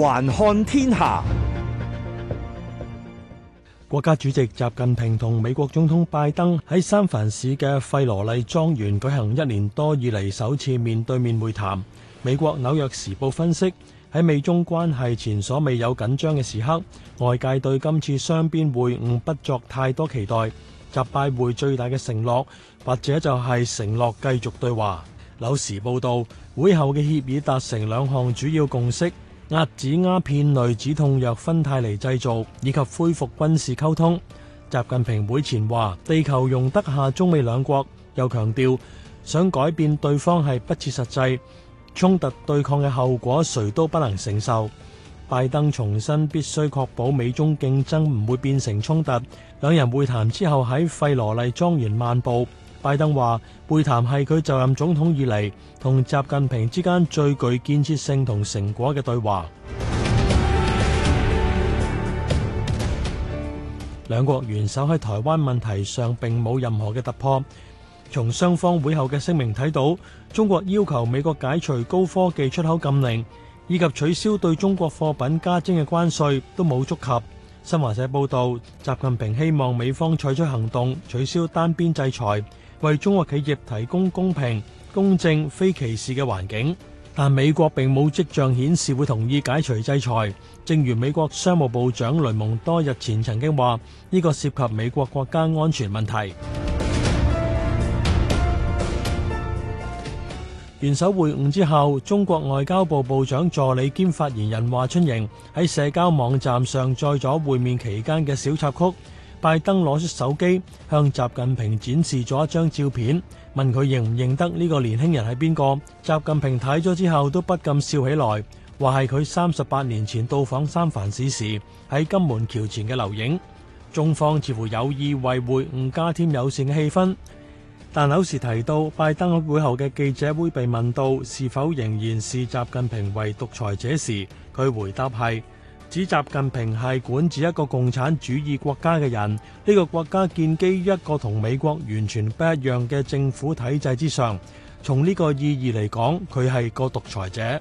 環看天下，國家主席習近平同美國總統拜登喺三藩市嘅費羅麗莊園舉行一年多以嚟首次面對面會談。美國紐約時報分析，喺美中關係前所未有緊張嘅時刻，外界對今次雙邊會晤不作太多期待。習拜會最大嘅承諾，或者就係承諾繼續對話。紐時報道，會後嘅協議達成兩項主要共識，遏止鴉片類止痛藥芬太尼製造，以及恢復軍事溝通。習近平會前話：地球容得下中美兩國，又強調想改變對方係不切實際。衝突對抗嘅後果，誰都不能承受。拜登重申必須確保美中競爭唔會變成衝突。兩人會談之後喺費羅麗莊園漫步。拜登話會談係佢就任總統以嚟同習近平之間最具建設性同成果嘅對話。兩 國元首喺台灣問題上並冇任何嘅突破。從雙方會後嘅聲明睇到，中國要求美國解除高科技出口禁令，以及取消對中國貨品加徵嘅關稅都冇觸及。新華社報道，習近平希望美方採取行動，取消單邊制裁。為中國企業提供公平、公正、非歧視嘅環境，但美國並冇跡象顯示會同意解除制裁。正如美國商務部長雷蒙多日前曾經話，呢個涉及美國國家安全問題。元首 會晤之後，中國外交部部長助理兼發言人華春瑩喺社交網站上上載咗會面期間嘅小插曲。拜登攞出手機向習近平展示咗一張照片，問佢認唔認得呢個年輕人係邊個？習近平睇咗之後都不禁笑起來，話係佢三十八年前到訪三藩市時喺金門橋前嘅留影。中方似乎有意為會晤加添友善嘅氣氛，但有時提到拜登會後嘅記者會被問到是否仍然視習近平為獨裁者時，佢回答係。指習近平係管治一個共產主義國家嘅人，呢個國家建基於一個同美國完全不一樣嘅政府體制之上。從呢個意義嚟講，佢係個獨裁者。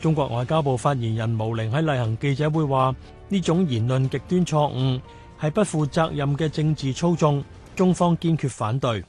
中國外交部發言人毛寧喺例行記者會話：呢種言論極端錯誤，係不負責任嘅政治操縱，中方堅決反對。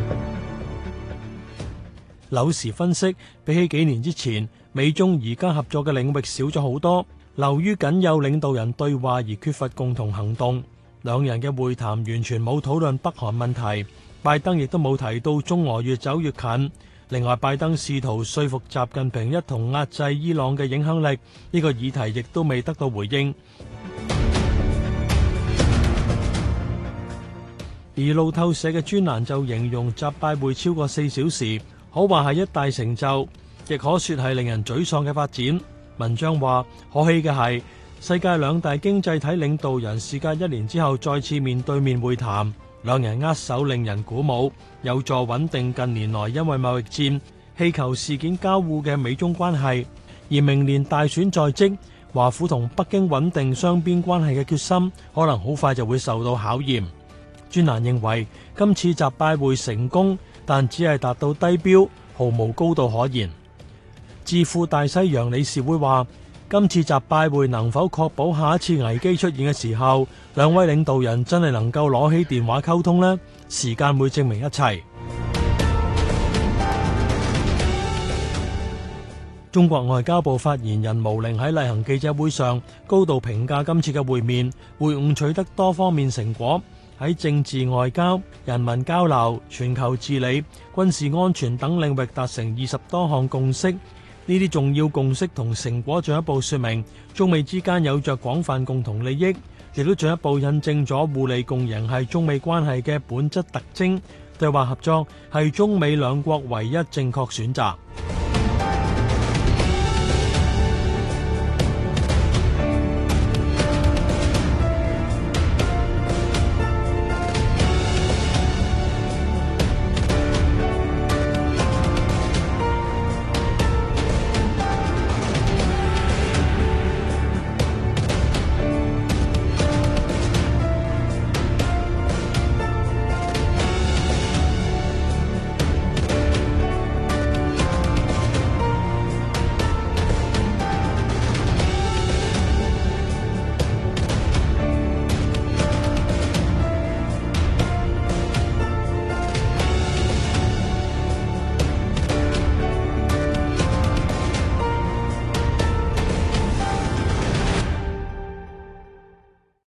紐時分析，比起幾年之前，美中而家合作嘅領域少咗好多，由於僅有領導人對話而缺乏共同行動。兩人嘅會談完全冇討論北韓問題，拜登亦都冇提到中俄越走越近。另外，拜登試圖說服習近平一同壓制伊朗嘅影響力，呢、這個議題亦都未得到回應。而路透社嘅專欄就形容習拜會超過四小時，可話係一大成就。亦可說係令人沮喪嘅發展。文章話，可喜嘅係，世界兩大經濟體領導人事隔一年之後再次面對面會談，兩人握手令人鼓舞，有助穩定近年來因為貿易戰、氣球事件交惡嘅美中關係。而明年大選在即，華府同北京穩定雙邊關係嘅決心，可能好快就會受到考驗。專欄認為，今次習拜會成功，但只係達到低標，毫無高度可言。智庫大西洋理事會話：今次習拜會能否確保下一次危機出現嘅時候，兩位領導人真係能夠攞起電話溝通呢？時間會證明一切。 中國外交部發言人毛寧喺例行記者會上高度評價今次嘅會面，會晤取得多方面成果，喺政治、外交、人民交流、全球治理、軍事安全等領域達成二十多項共識。呢啲重要共識同成果進一步說明，中美之間有着廣泛共同利益，亦都進一步印證咗互利共贏係中美關係嘅本質特徵，對話合作係中美兩國唯一正確選擇。